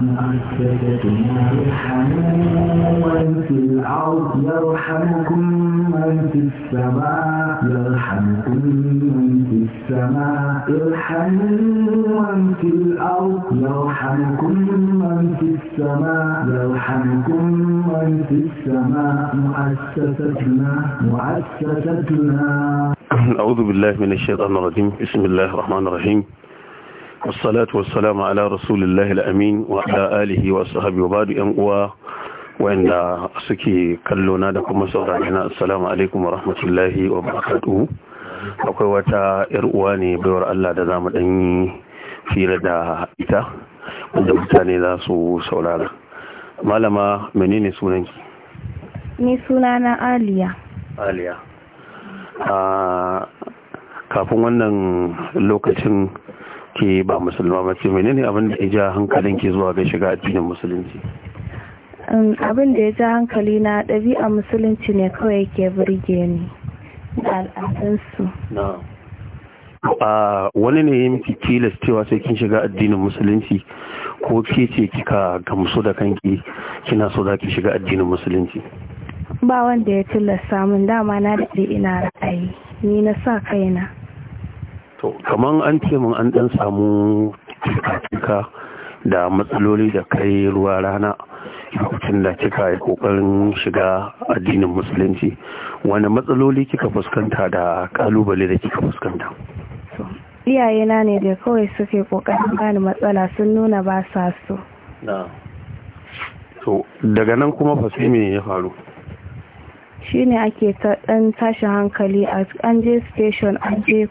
سيدنا يرحمون من في الأرض يرحمكم من في السماء يرحمكم من في السماء ارحموا من في الأرض يرحمكم من في السماء يرحمكم من في السماء مؤسستنا مؤسستنا أعوذ بالله من الشيطان الرجيم بسم الله الرحمن الرحيم wa والسلام على رسول الله الأمين وعلى آله وصحبه وبعد أنقوى وإن سكي كلنا دكما سورنا alaikum wa rahmatullahi wa وبركاته akwai wata yar uwa ne baiwar Allah da zamu dan yi fira da ita wanda mutane za su saurara malama menene sunanki ni sunana Aliya Aliya kafin wannan lokacin ke ba musulma ba ce menene abin da ja hankalin ke zuwa ga shiga addinin musulunci um, abin da ya ja hankali na ɗabi'a musulunci ne kawai ke birge ni da al'adunsu a wani ne ya miki tilas cewa sai kin shiga addinin musulunci ko ke ce kika gamsu da kanki kina so za ki shiga addinin musulunci ba wanda ya tilasta min dama na daɗe ina ra'ayi ni na sa kaina to kaman an ce mun an dan samu cika da matsaloli da kai ruwa rana lokacin da kika yi kokarin shiga addinin musulunci wani matsaloli kika fuskanta da kalubale da kika fuskanta iyayena ne da kawai suke kokarin bani matsala sun nuna ba sa so to daga nan kuma fa sai ya faru shine ake ta dan tashin hankali an je station an je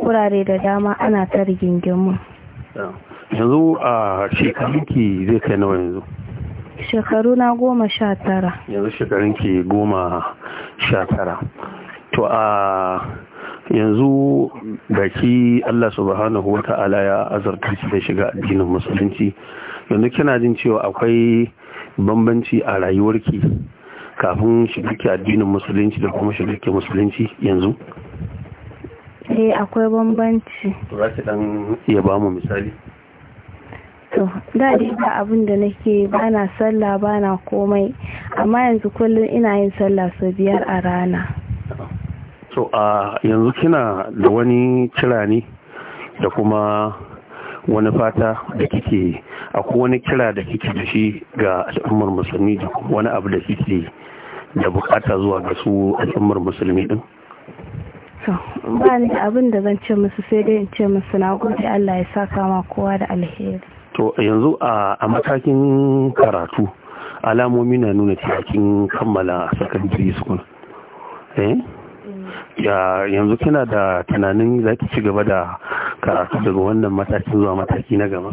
wurare da dama ana ta rigingimu yanzu a shekarunki zai kai nawa yanzu shekaru na goma sha tara yanzu shekarunki goma sha tara to a yanzu da ki Allah subhanahu wa ta'ala ya azarta ki da shiga addinin musulunci yanzu kina jin cewa akwai bambanci a rayuwarki kafin shigarki addinin musulunci da kuma shigarki musulunci yanzu eh akwai bambanci za ki dan iya ba mu misali to da dai ba abin da nake ba na sallah bana komai amma yanzu kullum ina yin sallah sau biyar a rana To a yanzu kina da wani kira ne da kuma wani fata da kike akwai wani kira da kike da shi ga al'ummar musulmi da wani abu da kike da bukata zuwa ga su al'ummar musulmi din to ba ni abin da zan ce musu sai dai in ce musu na gode Allah ya saka ma kowa da alheri to yanzu a matakin karatu alamomi na nuna kin kammala secondary school eh yanzu kina da tunanin za ki ci gaba da karatu daga wannan matakin zuwa mataki na gaba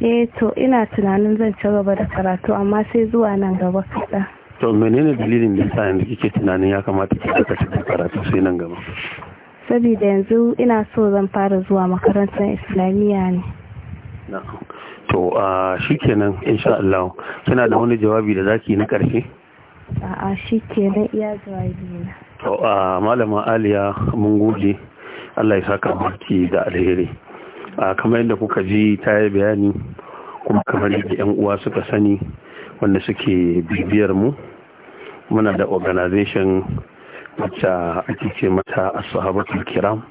eh to ina tunanin zan ci gaba da karatu amma sai zuwa nan gaba kaɗan to menene dalilin da sa yanzu kike tunanin ya kamata ki dakatar da karatu sai nan gaba saboda yanzu ina so zan fara zuwa makarantar islamiyya ne to a kenan, insha Allah kina da wani jawabi da zaki na karshe a'a kenan, iya jawabi na to a malama Aliya mun gode Allah ya saka miki da alheri a kamar yadda kuka ji ta yi bayani kuma kamar yadda yan uwa suka sani wanda suke bibiyar mu muna da organization wacce ake ce mata ashabatul kiram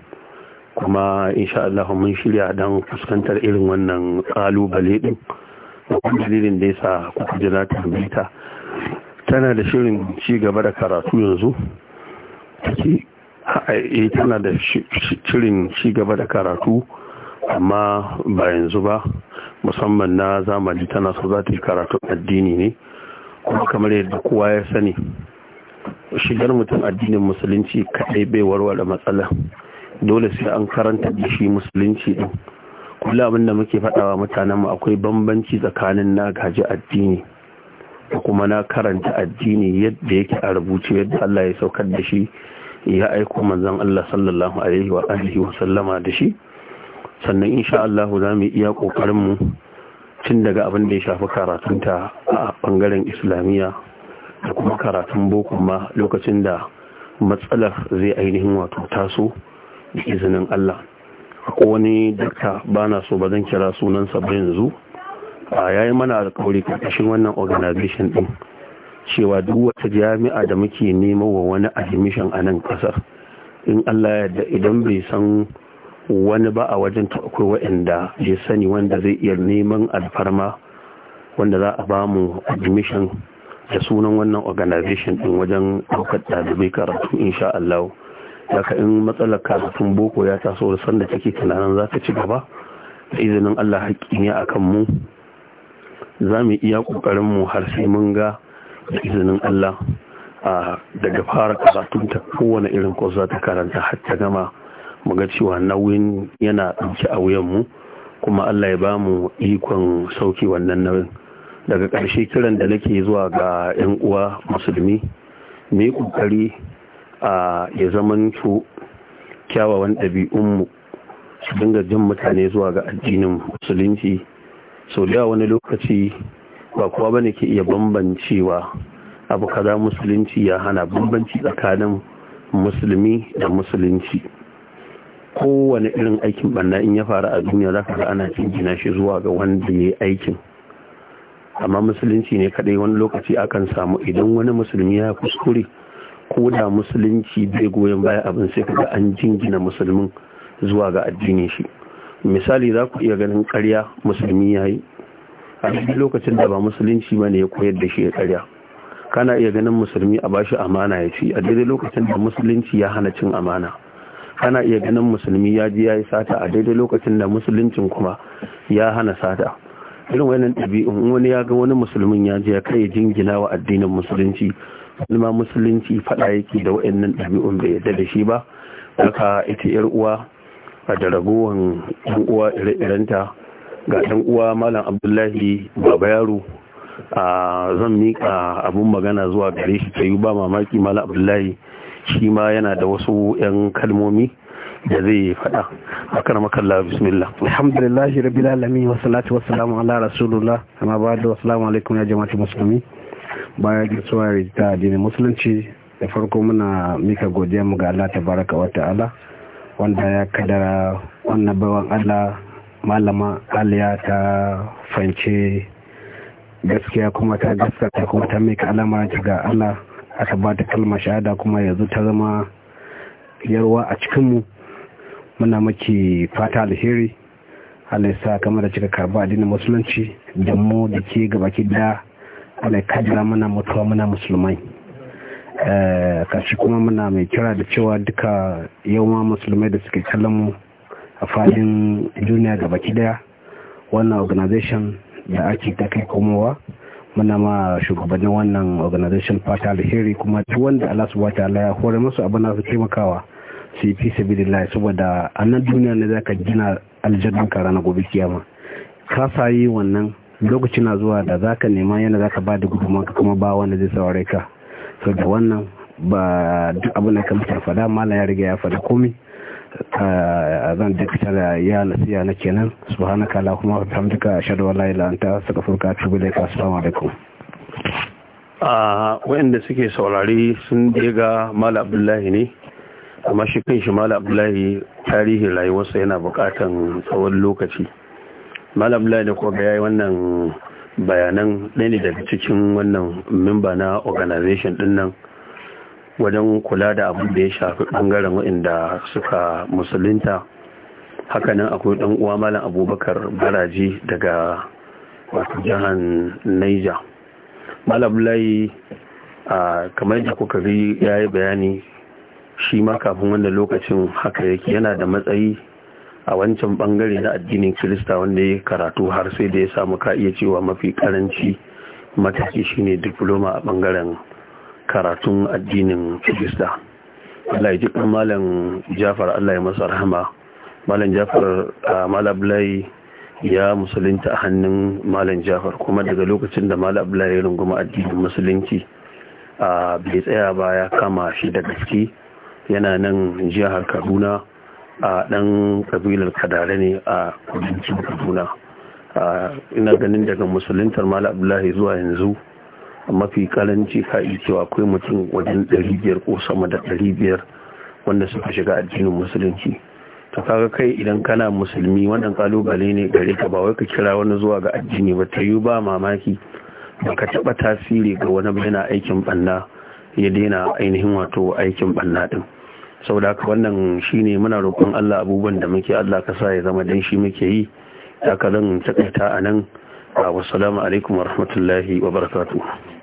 kuma insha Allah mun shirya dan fuskantar irin wannan kalubale din kuma dalilin da yasa kuka ji na tambita tana da shirin ci gaba da karatu yanzu take eh, tana da shirin ci gaba da karatu amma ba yanzu ba musamman na zamani tana so za ta yi karatun addini ne kuma kamar yadda kowa ya sani shigar mutum addinin musulunci kaɗai bai warware matsala dole sai an karanta da shi musulunci ɗin kula abin da muke faɗawa mutanen mu akwai bambanci tsakanin na gaji addini da kuma na karanta addini yadda yake a rubuce yadda Allah ya saukar da shi ya aiko manzon Allah sallallahu alaihi wa wa sallama da shi sannan insha Allah za mu iya ƙoƙarinmu cin daga abin da ya shafi karatunta a ɓangaren islamiyya da kuma karatun boko ma lokacin da matsalar zai ainihin wato taso da izinin Allah Ko wani dakta ba na so ba zan kira sunan sabbin yanzu a yayi mana alƙawari ƙarƙashin wannan organization ɗin cewa duk wata jami'a da muke nema wa wani admission a nan ƙasar in Allah ya yarda idan bai san wani ba a wajen ta akwai wa'anda ya sani wanda zai iya neman alfarma wanda za a ba mu admission da sunan wannan organization din wajen daukar ɗalibai karatu insha Allah daga in matsalar karatun boko ya taso da sanda take tunanin za ta ci gaba da izinin Allah haƙƙi ne akan mu za mu iya ƙoƙarin mu har sai mun ga da izinin Allah daga fara karatunta kowane irin ko za ta karanta har ta gama mu ga cewa nauyin yana ɗauke a wuyanmu kuma Allah ya bamu ikon sauki wannan nauyin daga ƙarshe kiran da nake zuwa ga 'yan uwa musulmi mu yi ƙoƙari a ya zamanto kyawawan ɗabi'unmu su dinga jin mutane zuwa ga addinin musulunci sau da wani lokaci ba kowa bane ke iya bambancewa abu kaza musulunci ya hana bambanci tsakanin musulmi da musulunci kowane irin aikin banna in ya fara a duniya za ka ga ana jinjina shi zuwa ga wanda ya yi aikin amma musulunci ne kadai wani lokaci akan samu idan wani musulmi ya kuskure ko da musulunci bai goyon baya abin sai ga an jingina musulmin zuwa ga addinin shi misali za ku iya ganin karya musulmi ya yi a cikin lokacin da ba musulunci ba ne ya koyar da shi ya karya kana iya ganin musulmi a bashi amana ya ci a daidai lokacin da musulunci ya hana cin amana kana iya ganin musulmi ya ji ya yi sata a daidai lokacin da musuluncin kuma ya hana sata irin wannan ɗabi'un wani ya ga wani musulmin ya ji ya kai jingina wa addinin musulunci wani ma musulunci faɗa yake da wa'annan ɗabi'un bai yadda da shi ba haka ita yar uwa a da ragowar yan uwa ire-irenta ga yan uwa malam abdullahi baba yaro a ah, zan miƙa abin magana zuwa gare shi ta yi ba mamaki malam abdullahi shi ma yana da wasu 'yan kalmomi da zai faɗa a karamakan la bismillah alhamdulillah rabbil alamin wa salatu wa ala rasulullah amma ba da assalamu alaikum ya jama'atu musulmi baya gaisuwa ta addinin musulunci da farko muna mika godiya mu ga Allah baraka wa ta'ala wanda ya kadara wannan bawan Allah malama aliya ta fahimci gaskiya kuma ta gaskata kuma ta mika alama ga Allah aka ba ta kalmar shahada kuma yanzu ta zama yarwa a cikinmu muna maki fata alheri Allah kamar da cika karba addinin musulunci da mu da ke gabaki da Allah muna mutuwa muna musulmai eh, kashi kuma muna mai kira da cewa duka ma musulmai da suke kallonmu a fadin duniya gabaki daya wannan organization da ake ta kai komowa muna ma shugabannin wannan organization fata alheri kuma duk wanda Allah subhanahu wataala ya hore musu abin da su taimakawa su yi fi sabilillah saboda annan duniya ne zaka gina aljannan ka ranar gobe kiyama ka sayi wannan lokaci na zuwa da zaka nema yana zaka ba da gudunman ka kuma ba wanda zai saurare ka saboda wannan ba duk abin da ka mutar fada mala ya riga ya fada komai Ah, zan dukta da ya nasiya na kenan subhanaka allahumma wa bihamdika ashhadu an la ilaha illa anta astaghfiruka wa atubu ilaik da a waɗanda suke saurari sun ga mala abdullahi ne amma shi kan shi mala abdullahi tarihin rayuwarsa yana buƙatan tsawon lokaci mala abdullahi ne ko yayi wannan bayanan ɗaya ne daga cikin wannan memba na organization ɗin nan wajen kula da abin da ya shafi bangaren waɗanda suka musulunta hakanan akwai ɗan uwa malam abubakar baraji daga wato jihar naija malam layi a kamar da kuka ya yi bayani shi ma kafin wanda lokacin haka yake yana da matsayi a wancan bangare na addinin kirista wanda ya karatu har sai da ya samu ka iya cewa mafi karanci mataki shine diploma a bangaren karatun addinin kirista Allah ya ji malam jafar Allah ya masa rahama malam jafar malablai ya musulunta a hannun malam jafar kuma daga lokacin da malablai ya runguma addinin musulunci a bai tsaya ba ya kama shi da gaske yana nan jihar kaduna a ɗan kabilar kadare ne a kudancin kaduna ina ganin daga musuluntar malam abdullahi zuwa yanzu mafi karanci ka yi cewa akwai mutum wajen 500 ko sama da 500 wanda suka shiga addinin musulunci ta kaga kai idan kana musulmi wannan kalubale ne gare ka ba wai ka kira wani zuwa ga addini ba ta yi ba mamaki ba ka taba tasiri ga wani yana aikin banna ya daina ainihin wato aikin banna din saboda haka wannan shine muna roƙon Allah abubuwan da muke Allah ka sa ya zama dan shi muke yi ta kazan takaita a nan salamu alaikum wa barakatu